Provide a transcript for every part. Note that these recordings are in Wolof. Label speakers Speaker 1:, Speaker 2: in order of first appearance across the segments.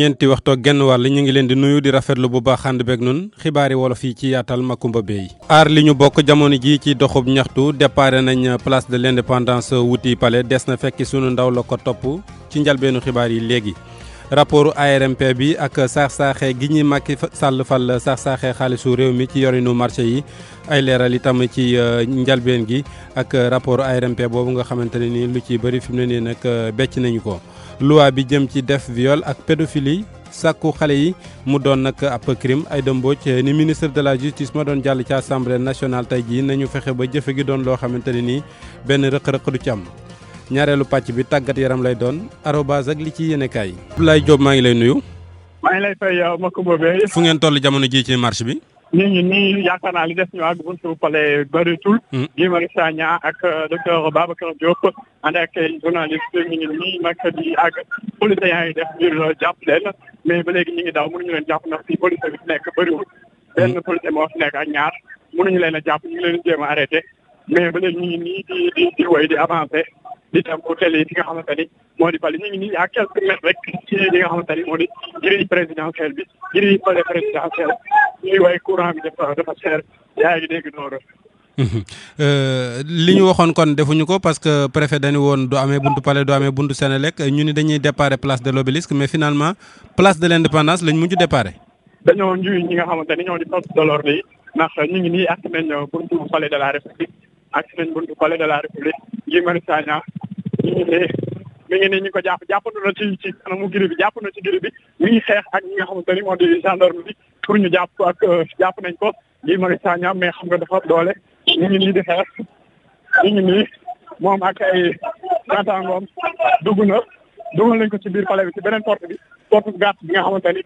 Speaker 1: ñeenti waxtu genn wàll ñu ngi leen di nuyu di rafetlu bu baax ànd beeg nun xibaari wolof yi ci yaatal Makumba Bey aar li ñu bokk jamono ji ci doxub ñaxtu déparé nañ place de l'indépendance wuti pale des na fekki suñu ndaw la ko topp ci njalbeenu xibaar yi léegi rapport ARMP bi ak saax-saaxee gi ñi Macky Sall fal saax-saaxee xaalisu réew mi ci yorinu marché yi ay leeral itam ci euh, njalbeen gi ak rapport ARMP boobu nga xamante ne ni lu ci bëri fi mu ne nii nag euh, becc nañu ko loi bi jëm ci def viol ak pédophilie sàkku xale yi mu doon nag ab crime ay dëmbooj euh, ni ministre de la justice ma doon jàll ci assemblée national tey jii nañu fexe ba jëfe gi doon loo xamante ne nii benn rëq-rëq du ci am ñaareelu pàcc bi tàggat yaram lay doon arobase ak li ci yéenekaay yi. Abdoulaye Diop maa ngi lay nuyu.
Speaker 2: maa ngi lay fay yow Makumba Bey. fu ngeen
Speaker 1: toll jamono ji ci marche bi.
Speaker 2: ñu ngi nii yaakaar naa li def ñu àgg buntu palais bëritul. Hmm. Guy Marius ak euh, docteur Babacar Diop ànd ak journaliste ñu ngi nii nag di yaa ngi def ngir euh, jàpp leen ba léegi ñu ngi daw leen jàpp ndax fii police bi fi nekk bëriwul. Hmm. benn police moo fi nekk ak ñaar mënuñu leen jàpp ñu ngi leen jéem a arrêté mais ba léegi ñu ngi nii di di di di avancé. di dem hôtel yi fi nga xamante ni moo di li nga xamante ni moo di grille présidentielle bi grille palais présidentiel ñuy way courant
Speaker 1: euh, li ñu waxoon kon defuñu ko parce que préfet dañu woon du amee buntu palais du amee buntu Sénélec ñu ni dañuy déparé place de l'obélisque mais finalement place de l'indépendance lañ mujj déparé.
Speaker 2: dañoo njuy ñi nga xamante ni ñoo di force de l'ordre yi ñu ngi nii ak nañ buntu palais de la république. ak nañ buntu palais de la république Guy Marius Sagna ñu ngi ne mi ngi ne ñu ko jàpp jàppandu na ci ci kanamu giri bi jàpp na ci giri bi mi ngi xeex ak ñi nga xamante ni moo di gendarme pour ñu jàpp ko ak euh, jàpp nañ ko Guy Marius Sagna mais xam nga dafa doole ñu ngi nii di xeex ñu ngi nii moom ak ay naataangoom dugg na dugal nañ ko ci biir palais bi ci beneen porte bi porte bu gàtt bi nga xamante ni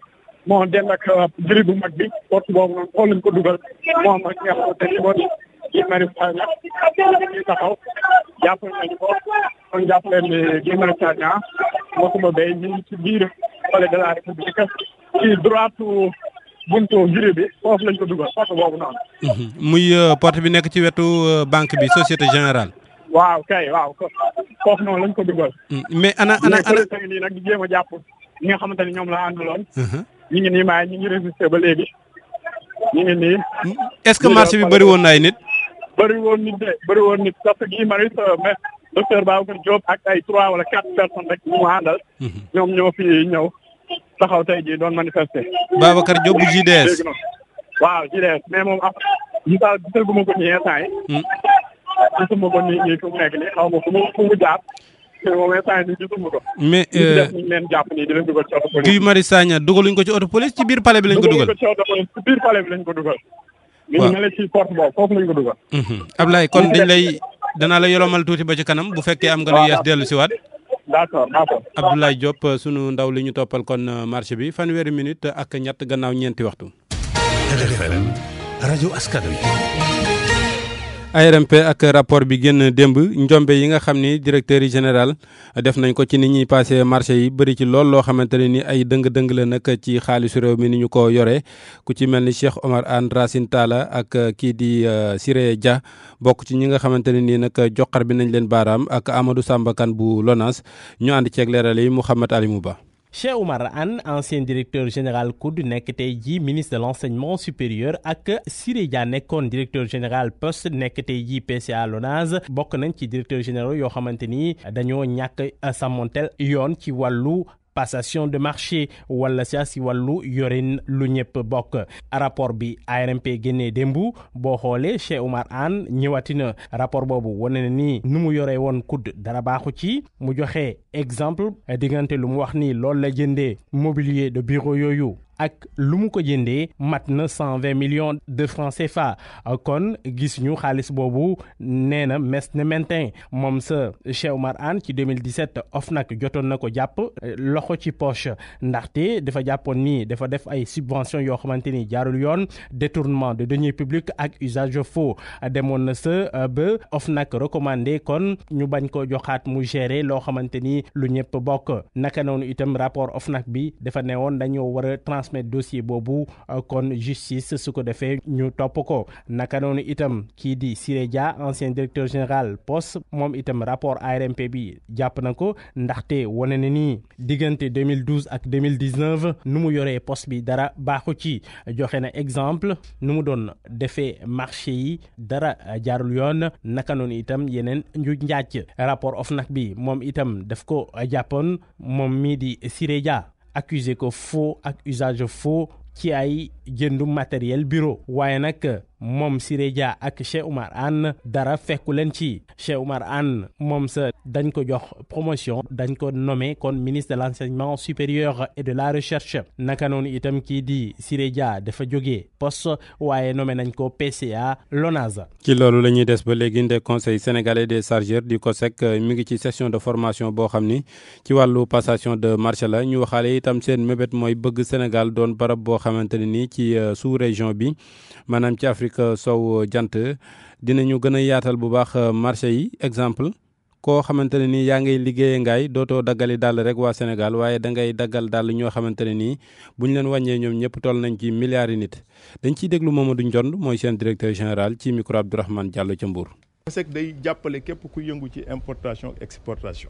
Speaker 2: moo dend ak euh, bu mag bi porte boobu noonu xool lañ ko dugal moom ak ñi nga xamante ni Guy Marius Sagna ñu jàpp leen ne Guy Marius Sagna Macoumba Beye ñu ngi ci bi foofu lañ ko dugal porte boobu noonu.
Speaker 1: Mhm. muy euh, porte bi nekk ci wetu euh, banque bi societé général
Speaker 2: waaw kay waaw foofu noonu lañ ko dugal. Mhm. mais ana ana ana mais nii nag di a jàpp ñi nga xamante ni ñoom la àndaloon. Mhm. ñu ngi nii maay ñu ngi résister ba léegi ñu ngi nii. est-ce que marché bi bëri woon na ay nit. bëri woon nit de bëri woon nit parce gi Guy Marius mais docteur Babacar Diop ak ay trois wala quatre personnes rek ñu mu àndal. Mhm. ñoom ñoo fi ñëw taxaw tey jii doon manifester. Babacar Diop bu JDS. waaw JDS mais moom ah misaal gisaguma ko nii instant yi. Mhm. gisuma ko nii nii fu mu nekk nii xaw ma fu mu fu mu jaar. mais euh, Guy Marius
Speaker 1: Sagna dugaluñ ko ci auto police ci biir palais bi lañ ko dugal.
Speaker 2: ci biir palais bi lañ ko dugal. ñu ngi
Speaker 1: mel ko mhm. kon dañ lay danaa la yolomal tuuti ba ci kanam bu fekkee am nga lu yees dellu si waat. d'accord d'accord sunu ndaw li ñu toppal kon euh, marché bi fanweeri minute ak ñett gannaaw ñeenti waxtu. ARMP ak rapport bi genn demb njombe yi nga xamni directeur général def nañ ko ci ni ñi passé marché yi bari ci lool lo xamanteni ni ay deung deung la nak ci xaalisu rew mi ni ñu ko yoré ku ci melni Cheikh Omar And Racine Tala ak ki di euh, Siré Dia bok ci ñi nga xamanteni ni nak nag joxar bi nañ leen baram ak Amadou Samba Kan bu Lonas ñu ci ak leral yi Mouhamed Ali Mouba
Speaker 3: Che Oumar An, ancien directeur général Koud Nekete ministre de l'enseignement supérieur ak que Nekon, directeur général poste nekete tey PCA Lonaz, directeur général yo xamanteni, Danyo Nyak samontel yoon passation de marché wala saa si yorin lu ñep rapport bi ARMP Gene Dembu bo chez Omar An Anne rapport Bobu woné ni nu mu won kudd dara exemple lu mu wax ni mobilier de bureau yoyu ak lu mu ko jëndee mat na millions de francs CFA kon gis ñu xaalis boobu nee na mes ne mentin moom sa Cheikh Anne ci 2017 OFNAC jotoon na ko jàpp euh, loxo ci poche ndaxte dafa jàppoon ni dafa def ay subventions yoo xamante ni jaarul yoon détournement de deniers publics ak usage faux demoon na sa euh, ba OFNAC recommandé kon ñu bañ ko joxaat mu gérer loo xamante ni lu ñëpp bokk naka noonu itam rapport OFNAC bi dafa newoon dañoo war a transmettre dossier Bobu euh, kon justice ce ko de ñu top ko naka non itam ki di ancien directeur général poste mom itam rapport ARMP bi japp nako ko ndaxte ni digënté 2012 ak 2019 nu mu yoré poste bi dara baxu ci joxé na exemple nu mu don defee marché yi dara jaarul yoon naka non itam yenen ñu rapport OFNAC bi mom itam daf ko midi mom mi di accusé ko faux ak usage faux ci ay jëndu matériel bureau waaye nag moom Siré Dia ak Cheikh Oumar Anne dara fekku leen ci Cheikh Oumar Anne moom sa dañ ko jox promotion dañ ko nommé kon ministre de l'enseignement supérieur et de la recherche naka noonu itam kii di Siré Dia dafa jógee poste waaye nommé nañ ko PCA LONASE
Speaker 1: ci loolu la ñuy des ba léegi ndee conseil sénégalais des chargeurs du COSEC euh, mi ngi ci session de formation boo xam ni ci wàllu passation de marché la ñu waxaale itam seen mébét mooy bëgg Sénégal doon barab boo xamante ne ci euh, sous région bi maanaam ci Afrique Afrique euh, sow euh, jant dinañu gën a yaatal bu baax euh, marché yi exemple koo xamante ne nii yaa ngay liggéeye ngaay dootoo daggali dàll rek waa Sénégal waaye da ngay daggal dàll ñoo xamante ne nii bu ñu leen wàññee ñoom ñëpp toll nañ ci milliards yi dañ ciy déglu Mamadou Ndiond mooy seen directeur général ci micro Abdourahmane Diallo ca Mbour.
Speaker 4: COSEC day jàppale képp ku yëngu ci importation exportation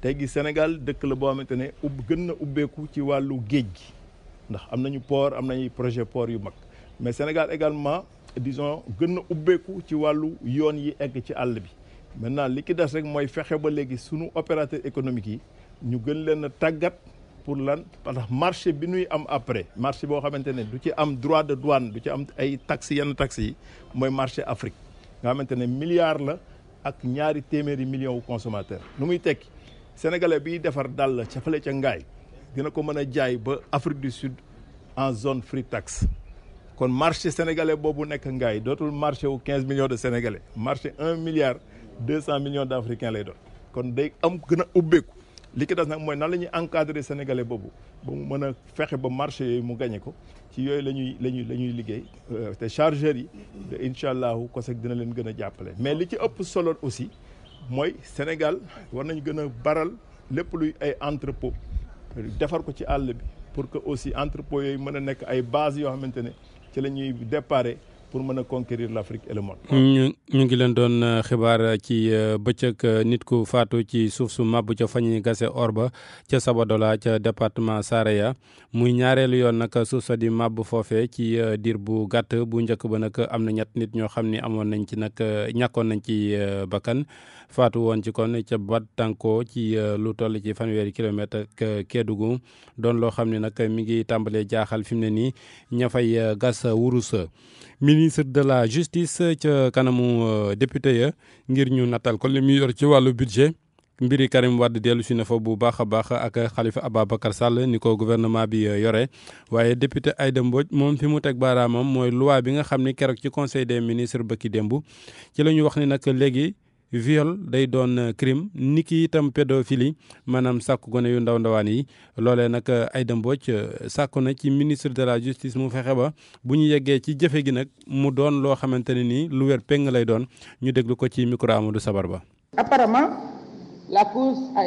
Speaker 4: tey gi Sénégal dëkk la boo xamante ne ubb gën na ubbeeku ci wàllu géej gi ndax am nañu port am nañu projet poor yu mag mais Sénégal également. disons gën a ubbeeku ci walu yoon yi egg ci àll bi maintenant li ki des rek mooy fexe ba léegi sunu opérateur économique yi ñu gën leen a tàggat pour lan parce que marché bi nuy am après marché boo xamante ne du ci am droit de douane du ci am ay taxes yenn taxes yi mooy marché Afrique nga xamante ne milliard la ak ñaari téeméeri millions de consommateurs nu muy tekki sénégalais bi defar dal ca fale ca ngaay dina ko mën a jaay ba Afrique du Sud en zone free tax kon marché sénégalais boobu nekk ngaay dootul marché wu 15 millions de sénégalais marché un milliard 200 millions d' africains lay doon kon day am gën a ubbeeku li ki des nag mooy nan la ñuy encadrer sénégalais boobu ba mu mën a fexe ba marché yooyu mu gagné ko ci yooyu la ñuy la ñuy la ñuy liggéey euh, te chargeur yi incha allahu COSEC dina leen gën a jàppale mais li ci ëpp solo aussi mooy Sénégal war nañ gën a baral lépp luy ay entrepôt defar ko ci àll bi pour que aussi entrepôt yooyu mën a nekk ay base yoo xamante ne ci la ñuy déparé pour mën a conquérir l' Afrique et
Speaker 1: ñu ñu ngi leen doon euh, xibaar ci euh, bëccëg euh, nit ku faatu ci suuf su màbb ca fa ñuy gase or ba ca Sabadola ca département Saraya muy ñaareelu yoon nag suuf sa di màbb foofee ci diir bu gàtt bu njëkk ba nag am na ñett nit ñoo xam ni amoon nañ ci nag ñàkkoon nañ ci bakkan faatu woon ci kon ca Batanko ci lu toll ci fanweeri kilomètre ak Kédougou doon loo xam ne nag mu ngi tàmbalee jaaxal fi mu ne nii ña fay gas wurusa ministre de la justice ca kanamu euh, député ya ngir ñu nattal ko li muy yor ci wàllu budget mbiri Karim Wade dellu si na fa bu baax a baax ak xalifa Khalifa Ababacar Sall ni ko gouvernement bi euh, yore waaye député Aïda Mbodj moom fi mu teg baaraamam mooy loi bi nga xam ni keroog ci conseil des ministres bëkki démb ci la ñu wax ni nag léegi. viol day doon euh, crime ni ki itam pédophilie maanaam sàkk gone yu ndaw ndawaan yi loolee nag euh, Aïda Mbodj euh, sàkku na ci ministre de la justice mu fexe ba bu ñu yeggee ci jëfe gi nag mu doon loo xamante ne nii lu wer peng lay doon ñu déglu ko ci micro Amadou Sabar ba
Speaker 5: la cause a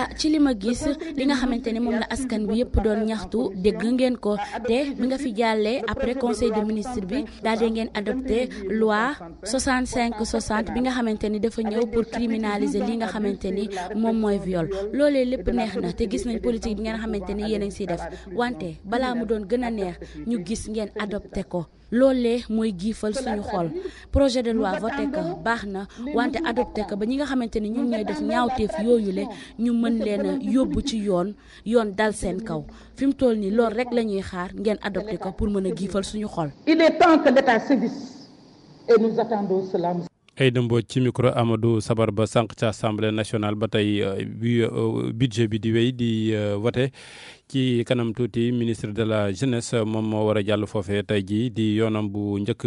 Speaker 5: ah ci li ma gis li nga xamante ne moom la askan bi yëpp doon ñaxtu dégg ngeen ko te bi nga fi jàllee après conseil des ministres bi daal ngeen adopté loi 65 60 bi nga xamante ni dafa ñëw pour criminaliser li nga xamante ni moom mooy viol loolee lépp neex na te gis nañ politique bi ngeen xamante ni yéen a ngi def wante balaa mu doon gën a neex ñu gis ngeen adopté ko. loolee mooy giifal suñu xol projet de loi voté ko baax na wante adopté ko ba ñi nga xamante ni ñoom ñooy def ñaawteef yooyu le ñu mën leen a yóbbu ci yoon yoon dal seen kaw fi mu toll nii loolu rek la ñuy xaar ngeen adopté ko pour mën a giifal suñu xol.
Speaker 1: Aïda Mbodj ci micro Amadou Sabar ba sànq ca assemblée national ba tey euh, bi euh, budget bi di wéy di euh, voté ci kanam tuuti ministre de la jeunesse moom moo war a jàll foofee tey jii di yoonam bu njëkk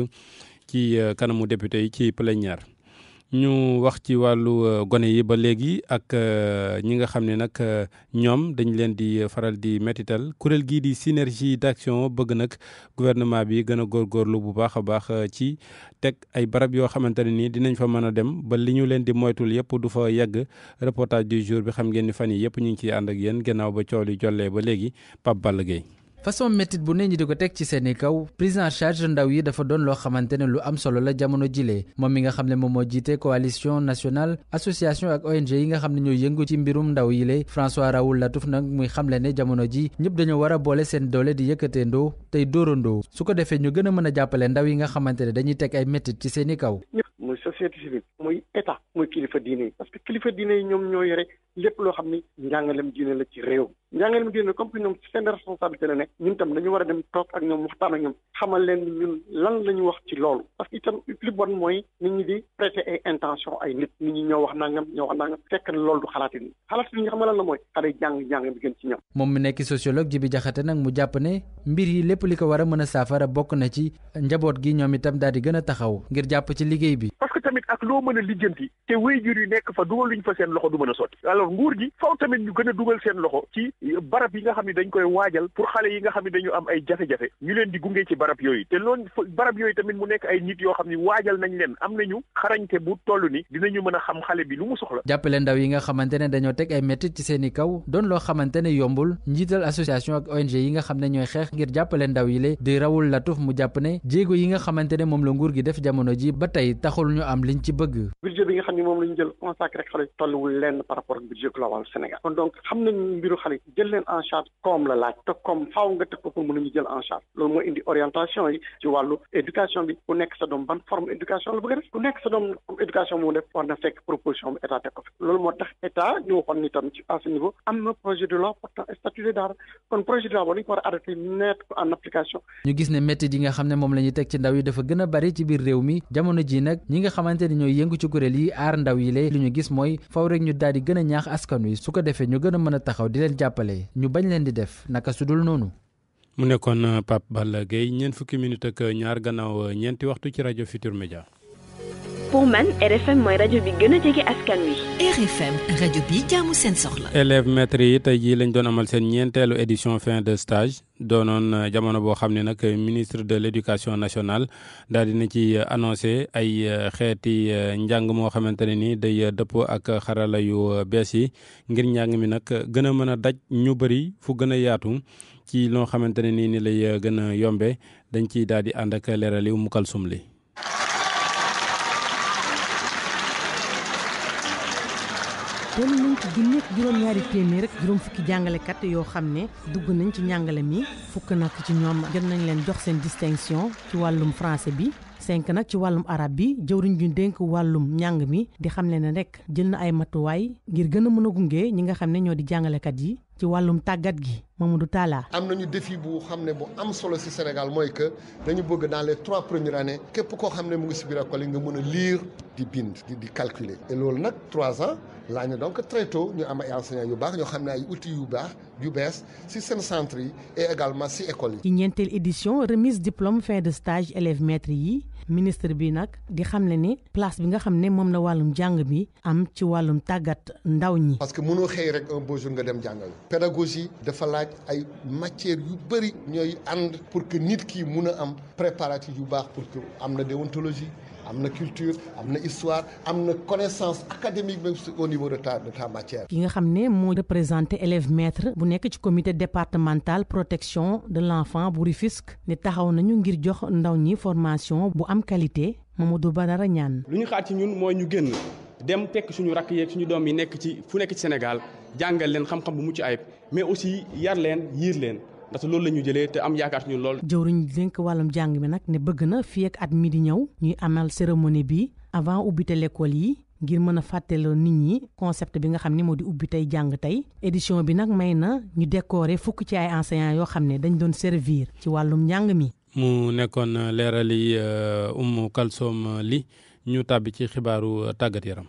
Speaker 1: ci kanamu député yi ci plénière. ñu wax ci wàllu euh, gone yi ba léegi ak euh, ñi nga xam ne nag euh, ñoom dañ leen di faral di métital kuréel gii di synergie d'action bëgg nag gouvernement bi gën a góorgóorlu bu baax a baax ci teg ay barab yoo xamante ne dinañ fa mën a dem ba li ñu leen di moytul yëpp du fa yegg reportage du jour bi xam ngeen ni fan yi yëpp ñu ngi ciy ànd ak yéen gannaaw ba cooli jollee ba léegi Pape Balla Gueye
Speaker 6: façon métit bu ne ñi di ko teg ci seeni kaw prise en charge ndaw yi dafa doon loo xamante ne lu am solo la jamono jilee moom mi nga xam ne moom moo jiite coalition national association ak ONG yi nga xam ne ñoo yëngu ci mbirum ndaw yi le François Raoul Latouf nag muy xamle ne jamono ji ñëpp dañoo war a boole seen doole di yëkkateendoo tey dóorandoo su ko defee ñu gën a mën a jàppale ndaw yi nga xamante ne dañuy teg ay métit ci seeni kaw
Speaker 2: muy société civile lépp loo xam ni njàngale mu diine comme que ñoom seen responsabilité la nekk ñun tam dañu war a dem toog ak ñoom waxtaan ak ñoom xamal leen ñun lan la ñu wax ci loolu parce que itam li bon mooy nit ñi di prêter ay intention ay nit nit ñi ñoo wax nangam ñoo wax nangam fekk na loolu du xalaati ni xalaati ñi xam lan la mooy xale jàng jàng bi gën ci ñoom
Speaker 6: moom mi nekk sociologue ji bi jaxate nag mu jàpp ne mbir yi lépp li ko war a mën a saafara bokk na ci njaboot gi ñoom itam daal di gën a taxaw ngir jàpp ci liggéey bi
Speaker 2: parce que tamit ak loo mën a lijjanti te wéyjur yi nekk fa dugal luñ fa seen loxo du mën a sotti alors nguur gi faw tamit ñu gën a dugal seen loxo ci barab yi nga xam ne dañ koy waajal pour xale yi nga xam ne dañu am ay jafe-jafe ñu leen di gunge ci barab yooyu te loolu barab yooyu tamit mu nekk ay nit yoo xam ne waajal nañ leen am nañu xarañte bu toll ni dinañu mën a xam xale bi lu mu soxla
Speaker 6: jàppale ndaw yi nga xamante ne dañoo teg ay métti ci seen i kaw doon loo xamante ne yombul njiital association ak ONG yi nga xam ne ñooy xeex ngir jàppale ndaw yi le di rawul latuf mu jàpp ne jéego yi nga xamante ne moom la nguur gi def jamono ji ba tey taxul ñu am liñ ci bëgg
Speaker 2: budget bi nga xam ne moom lañu jël consacré xale tolluwul lenn par rapport ak budget global Sénégal jël leen en charge comme la laaj te comme faaw nga teg ko pour mënuñu jël en charge loolu mooy indi orientation yi ci wàllu éducation bi ku nekk sa doom ban forme éducation la bëgg a def ku nekk sa doom éducation moo def war na fekk proposition bi état teg ko fi loolu moo tax état ñu waxoon ni tam ci à ce niveau am na projet de loi pourtant statut daara kon projet de loi boobu dañ ko war
Speaker 6: a arrêté net ko en application. ñu gis ne métti yi nga xam ne moom la ñuy teg ci ndaw yi dafa gën a bari ci biir réew mi jamono ji nag ñi nga xamante ni ñooy yëngu ci kuréel yi aar ndaw yi lay li ñu gis mooy faw rek ñu daal di gën a ñaax askan wi su ko defee ñu gën a mën a taxaw di leen jàpp jàppale ñu bañ leen di def naka su noonu.
Speaker 1: mu nekkoon Pape Balla géey ñeent fukki minute ak ñaar gannaaw ñeenti waxtu ci rajo Futur Media.
Speaker 7: pour RFM rajo bi gën seen soxla.
Speaker 1: élèves maîtres yi tey jii lañ doon amal seen ñeenteelu édition fin de stage doonoon euh, jamono boo xam ne nag euh, ministre de l' éducation nationale daal na ci euh, annoncé ay xeeti njàng moo xamante ne ni day dëppoo ak xarala yu bees yi ngir njàng mi nag gën a mën a daj ñu bari fu gën a yaatu. ci loo xamante ne nii ni lay gën a yombe dañ ciy daal di ànd ak leeral yi mu li
Speaker 8: toll nañ ci junni ak juróom-ñaari téeméer juróom fukki jàngalekat yoo xam ne dugg nañ ci njàngale mi fukk nag ci ñoom jot nañ leen jox seen distinction ci wàllum français bi cinq nag ci wàllum arab bi jëw jëwriñ ju dénk wàllum njàng mi di xam le ne rek jël na ay matuwaay ngir gën a mën a gunge ñi nga xam ne ñoo di jàngalekat yi ci walum tagat gi Mamadou Talla.
Speaker 9: am nañu défi bu xamné bu am solo ci Sénégal moy que dañu bëgg dans les trois premières années képp ko xamné ne mu ngi si biir école nga mëna lire di bind di di calculer. et lool nak 3 ans laa donc très tôt ñu am ay enseignants yu baax ñu xamné ay outils yu baax yu bees ci sen centre yi et également ci école yi.
Speaker 8: ci ñeenteel édition remise diplôme fin de stage élève maître yi ministre bi nak di xamné ni place bi nga xamné mom moom la wàllum jàng bi am ci walum tagat ndaw ñi. parce que mëno
Speaker 9: xey rek un beau jour nga dem jangal pédagogie dafa laaj ay matière yu bëri ñooy ànd pour que nit ki mun a am préparatif yu baax pour que am na déontologie am na culture am na histoire am na connaissance académique même au niveau de ta de ta matière.
Speaker 8: ki nga xam ne moo représenté élève maître bu nekk ci comité départemental protection de l' enfant bu Rufisque ne taxaw nañu ngir jox ndaw ñi formation bu am qualité Mamadou Badara Niane.
Speaker 3: lu ñu xaar ci ñun mooy ñu génn. dem fekk suñu rakk yeeg suñu doom yi nekk ci fu nekk ci Sénégal jàngal leen xam-xam bu mucc ayib mais aussi yar leen yiir leen ndax loolu la ñu jëlee te am yaakaar suñu lool.
Speaker 8: jëwriñ dénk wàllum jàng mi nag ne bëgg na fii ak at mi di ñëw ñuy amal cérémonie bi avant ubbite lekkool yi. ngir mën a fàttale nit ñi concept bi nga xam ni moo di ubbi tey jàng tey édition bi nag may na ñu décorer fukk ci ay enseignants yoo xam ne dañu doon servir ci wàllum njàng mi.
Speaker 1: mu nekkoon leerali euh, Umu Kalsom euh, li ñu tàbbi ci xibaaru euh, tàggat yaram.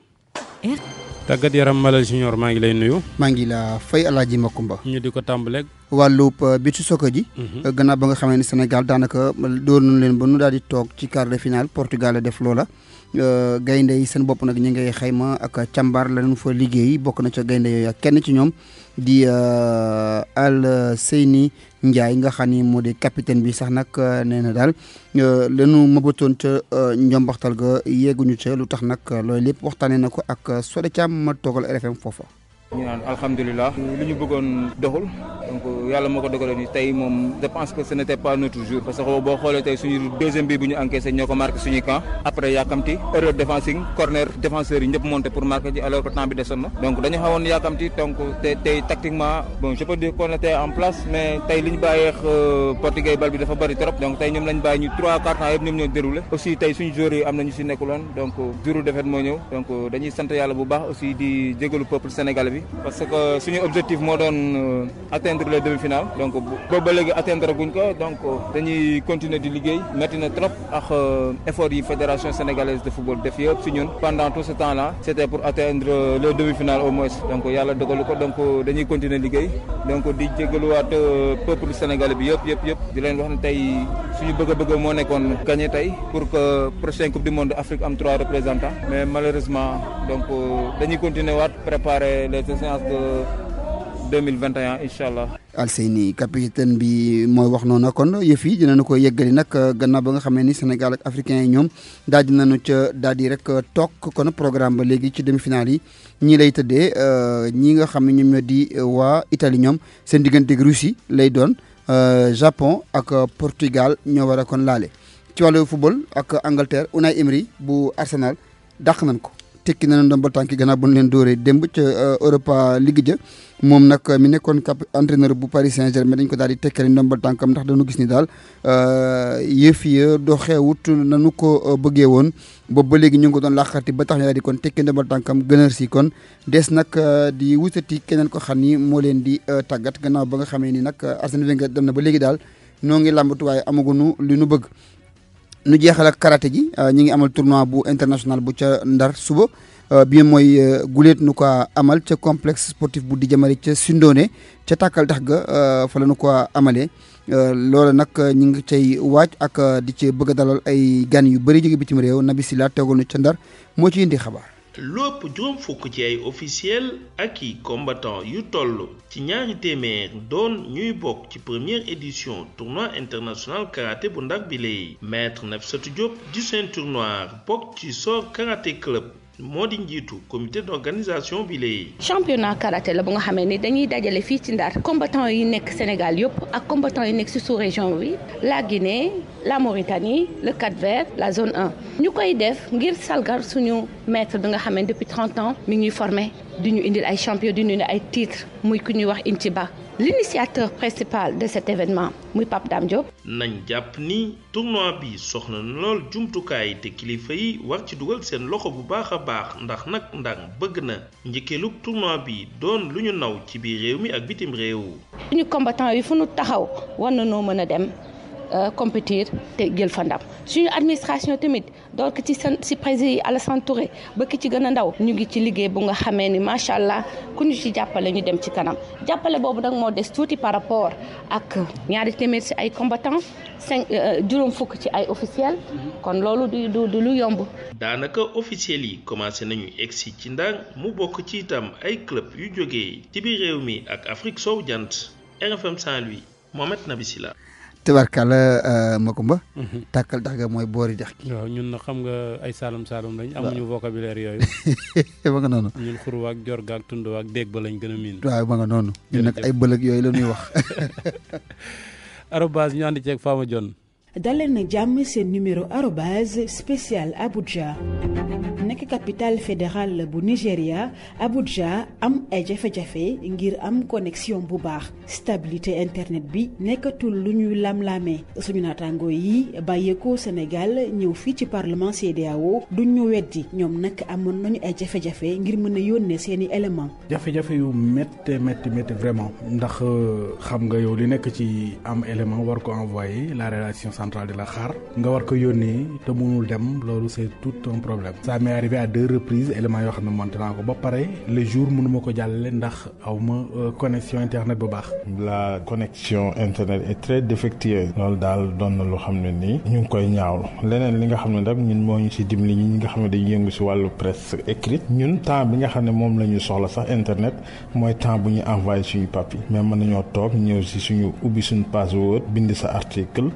Speaker 1: tàggat yaram Malal Junior maa ngi lay nuyu.
Speaker 9: maa ngi la fay Alaaji Makumba.
Speaker 1: ñu di ko wàllu
Speaker 9: wàllub euh, ci soccer ji. Mhm. Euh, gannaaw ba nga xamee ni Sénégal daanaka euh, door nañ leen ba nu daal di toog ci quart de finale Portugal def loola. gaynde yi seen bopp nag ñi ngay xayma ak càmbar la leen fa liggéey bokk na ca gaynde yooyu ak kenn ci ñoom di Al Seyni. Ndiaye nga xam ni moo di capitaine bi sax nag euh, nee na daal euh, lanu mëbatoon ca euh, njombaxtal ga yegguñu ca lu tax nag loolu lépp waxtaanee na ko ak Sode Thiam ma toogal RFM foofa.
Speaker 10: Alhamdulillah, naan li ñu bëggoon doxul donc yàlla moo ko ni tey moom je pense que pas notre jour parce que boo xoolee tey suñu deuxième bi bu ñu encaissé ñoo ko corner défenseur yi ñëpp monté pour marqué alors que temps bi desoon na donc dañu xawoon yàkkamti donc te tey tactiquement bon je peux dire était en place mais tey li ñu euh, portugais bal bi dafa bari trop donc tey ñoom lañ bàyyi ñu trois yëpp ñoom ñoo déroulé aussi tey suñu yi am di jégalu parce que suñu objectif moo doon euh, atteindre le demi-finale donc boobu ba léegi atteindre guñ ko donc euh, dañuy continuer di liggéey maintenant na trop ak euh, effort yi fédération sénégalaise de football def yëpp si ñun pendant tout ce temps là c'était pour atteindre le demi-finale au moins donc yàlla dogalu ko donc dañuy continuer liggéey donc di jégaluwaat peuple sénégalais bi yëpp yëpp yëpp di leen wax ne tey suñu bëgg-bëgg moo nekkoon gagné tey pour que prochain coupe du monde Afrique am trois représentants mais malheureusement donc euh, dañuy continuer waat préparer les séances de 2021 inshallah allah.
Speaker 9: Alseyni capitaine bi mooy wax noonu kon yëf yi dina ko yeggali nag euh, gannaaw ba nga xamee ni Sénégal ak africain yi ñoom daal di nañu ca daal di rek euh, toog kon programme ba léegi ci demi-finale yi ñii lay tëddee ñi nga xam ne ñoom ñoo di waa Italie ñoom seen digganteeg Russie lay doon. Euh, Japon ak euh, Portugal ñoo war kon laale ci wàllu football ak Angleterre Unai Emery bu Arsenal dàq nañ ko. tekki na ndombal tànk i bu ñu leen dóoree démb ca euh, Europa Ligue ja moom nag euh, mi nekkoon cap entraîneur bu Paris Saint-Germain dañ ko daal di tekkale ndombal tànkam ndax dañu gis ni daal euh, yëf ya doxeewut nanu ko bëggee woon boobu ba léegi ñu ngi ko doon laaxarti ba tax ñu daal di kon tekki ndombal tànkam gënër si kon dees nag di wutati keneen ko xam ni moo leen di tàggat gannaaw ba nga xamee ni nag Arsène Wenger dem na ba léegi daal noo ngi làmbatu waaye amagunu li nu bëgg ñu jeexal ak karaté ji euh, ñi ngi amal tournoi bu international bu ca Ndar suba euh, bi mooy euh, guleet nu ko amal ca complexe sportif bu Dijamari ca Sindone ca tàkkal tax ga fa la nu ko amalee loola nag ñu ngi cay waaj ak di ci bëgg a dalal ay gan yu bëri jóge bitim réew Nabi Sila tegal nu ca Ndar moo ci indi xabaar.
Speaker 11: lépp juróom fukk officiel ay officiels ak i combattants yu toll ci ñaari téeméer doon première édition tournoi international karaté bu biley maître Nafissatou du ceinture tournoir, bokk ci Sor Karaté Club moo di njiitu comité d'organisation bi lay
Speaker 5: championnat karaté la bu nga xamee ni dañuy dajale fii ci Ndar combattant yi nekk Sénégal yëpp ak combattant yi nekk ci sous-région bi la Guinée la Mauritanie le Cap-Vert la zone 1 ñu koy def ngir salgar suñu maître bi nga xamee depuis 30 ans mi ñuy formé di ñu indil ay champions di ñu ay titre muy ku ñuy wax Intiba l'initiateur principal de cet événement muy Pape Dame Diop.
Speaker 11: nañ ni tournoi bi soxna na lool kay te kilifa yi war ci dugal sen loxo bu baakha ndax nak ndang bëgg na njëkkeelu tournoi bi doon luñu naw ci bi réew mi ak bitim réew.
Speaker 5: suñu combattant yi fu taxaw war na no mëna dem. Euh, compétir te jël fa ndam suñu administration tamit donc ci seen si président Alassane Touré ba ki ci gën a ndaw ñu ngi ci liggéey bu nga xamee ni macha allah ku ñu ci jàppale ñu dem ci kanam jàppale boobu nag moo des tuuti par rapport ak ñaari téeméer si ay combattants cinq euh, juróom fukk ci ay officiels kon loolu du lu yomb.
Speaker 11: daanaka officiels yi commencé nañu egsi ci ndang mu bokk ci itam ay club yu jógee ci biir réew mi ak Afrique soowu jant RFM Saint-Louis Mohamed Nabi
Speaker 9: tubarkalla ba tàkkal dax ga mooy boori dex gi. ñun na xam
Speaker 1: nga ay saalum saalum lañ. amuñu vocabulaire yooyu. ma nga noonu. ñun xurwa ak jor ga ak tund ak gën a miin.
Speaker 9: waaw noonu. ñun nag ay bëlëg yooyu la ñuy wax. arobase
Speaker 1: ñu ànd ceeg Fama Dione.
Speaker 7: dalee na jàmm seen numéro arobase spécial Abuja. nekk capitale fédérale bu Nigeria, Abuja am ay jafe-jafe ngir am connexion bu baax stabilité internet bi nekkatul lu ñuy lam-laamee suñu naataangoo yi bàyyeekoo Sénégal ñëw fii ci parlement CEDEAO duñ ñu weddi ñoom nag amoon nañu ay jafe-jafe ngir mën a yónnee élément
Speaker 3: jafe-jafe yu métti métti métti vraiment ndax euh, xam nga yow li nekk ci am élément war ko envoyé la relation centrale de la xaar nga war ko yónnee te mënul dem loolu c'est tout un problème arrivé à deux reprises éléments yoo xam monté naa ko ba pare le jour mënuma ko jàllale ndax awma euh, connexion internet bu baax.
Speaker 4: la connexion internet est très défectueuse. lol dal don na loo xam ni nii. ñu koy ñaawl leneen li nga xam ne ñun moo ci dimli ñi nga xam ne dañuy yëngu si wàllu presse écrite ñun temps bi nga xam mom lañu soxla sax internet moy temps bu ñu envoyer suñu papier mais mën nañoo toog ñëw ci suñu ubi suñu page Word bind sa article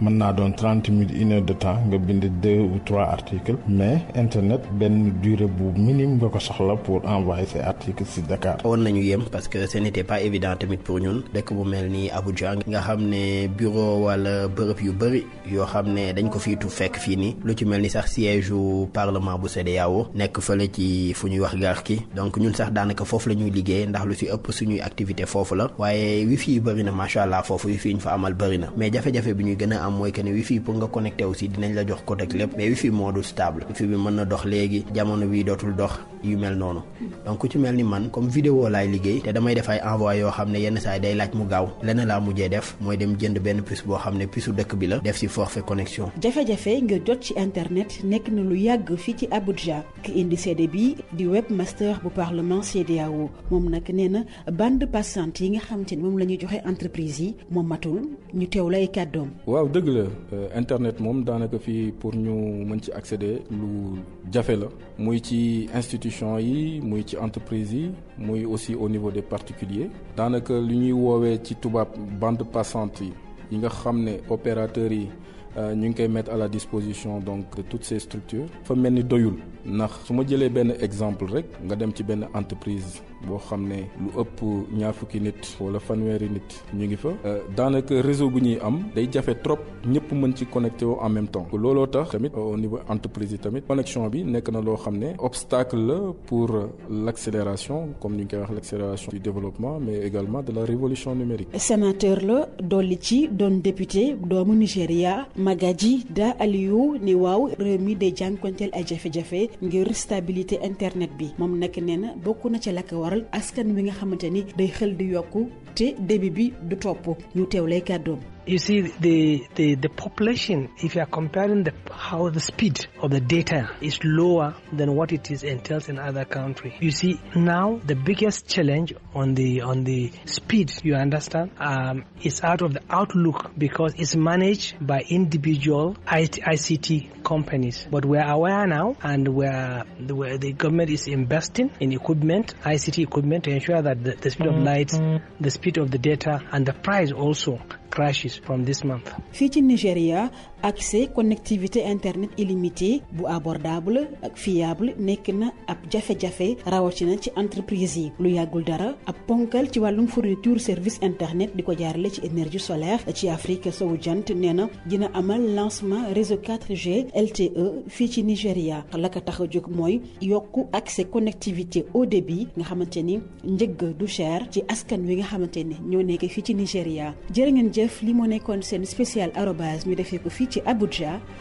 Speaker 4: mën naa doon 30 minutes une heure de temps nga bind 2 ou 3 articles mais internet benn durée bu minime nga ko soxla pour envoyer ces articles si Dakar. woon
Speaker 3: nañu yem parce que ce n'était pas évident tamit pour ñun dëkk bu mel ni Abuja nga xam ne bureau wala bërëb yu bëri yoo xam ne dañ ko fiitu fekk fii nii lu ci mel ni sax siège parlement bu CEDEAO nekk fële ci fu ñuy wax ki donc ñun sax daanaka foofu la ñuy liggéey ndax lu si ëpp suñuy activité foofu la waaye wifi yu bëri na macha allah foofu wifi ñu fa amal bëri na mais jafe-jafe bi ñuy gën a am mooy que ne wifi pour nga connecté aussi dinañ la jox code ak lepp mais wifi moo stable wifi bi mën dox léegi jamono bi dootul dox yu mel noonu donc ku ci melni man comme vidéo lay liggéey té damay def ay envoi yo xamné yenn say day laaj mu gaaw lenn la mujjé def moy dem jënd benn puce bo xamné ne puce dëkk bi la def si forfait connexion
Speaker 7: jafé jafé nga jot ci internet nek na lu yagg fi ci Abuja ki indi CD bi di webmaster bu parlement CEDEAO moom nag nee na bande passante yi nga xam mom ne joxé entreprise yi mom matul ñu teew lay kaddom
Speaker 1: waaw dëgg la euh, internet moom daanaka fii pour ñu mën ci accéder lu jafe la muy ci institution yi muy ci entreprise yi muy aussi au niveau des particuliers daanaka li ñuy woowee ci tubaab bande passante yi yi nga xam ne opérateurs yi euh, ñu ngi koy mettre à la disposition donc de toutes ces structures fa mel ni doyul ndax su ma jëlee benn exemple rek nga dem ci benn entreprise boo xam ne lu ëpp ñaar fukki nit wala fanweeri nit ñu ngi fa euh, daanaka réseau bu ñuy am day jafe trop ñëpp mën ci connecté en même temps looloo tax tamit euh, au niveau entreprise yi tamit connexion bi nekk na loo xam ne obstacle la pour euh, l' accélération comme ni ñu koy wax l' accélération du développement mais également de la révolution numérique.
Speaker 7: sénateur la dolli ci doon député doomu Nigeria, Magaji Da Aliou ne waaw réew mi day jànkuwanteel ay jafe-jafe ngir stabilité internet bi moom nag nee na bokk na ci lakk waral askan wi nga xamante ni day xel di yokku te débit bi du topp ñu teew teewlay kàddoom
Speaker 8: you see the, the, the population if you are comparing the how the speed of the data is lower than what it is entails in other country you see now the biggest challenge on the on the speed you understand um, is out of the outlook because it's managed by individual ICT companies but we are aware now and where where the government is investing in equipment ICT equipment to ensure that the, the speed of mm-hmm. light the speed of the data and the price also crashes from this month.
Speaker 7: fii ci Nigeria, accès connectivité internet illimité bu abordable ak fiable nekk na ab jafe-jafe rawatina ci entreprise yi lu yàggul dara ab ponkal ci wàllum fourniture service internet di ko jaarale ci énergie solaire ci Afrique sowu jant nee na dina amal lancement réseau 4G LTE fii ci Nigeria. la ko tax a yokku accès connectivité haut débit nga xamante ni njëgg du cher ci askan wi nga xamante ni ñoo nekk fii ci Nigeria. jërë ngeen jëf li moo nekkoon seen spécial arobage ñu defee ko fii ci Abuja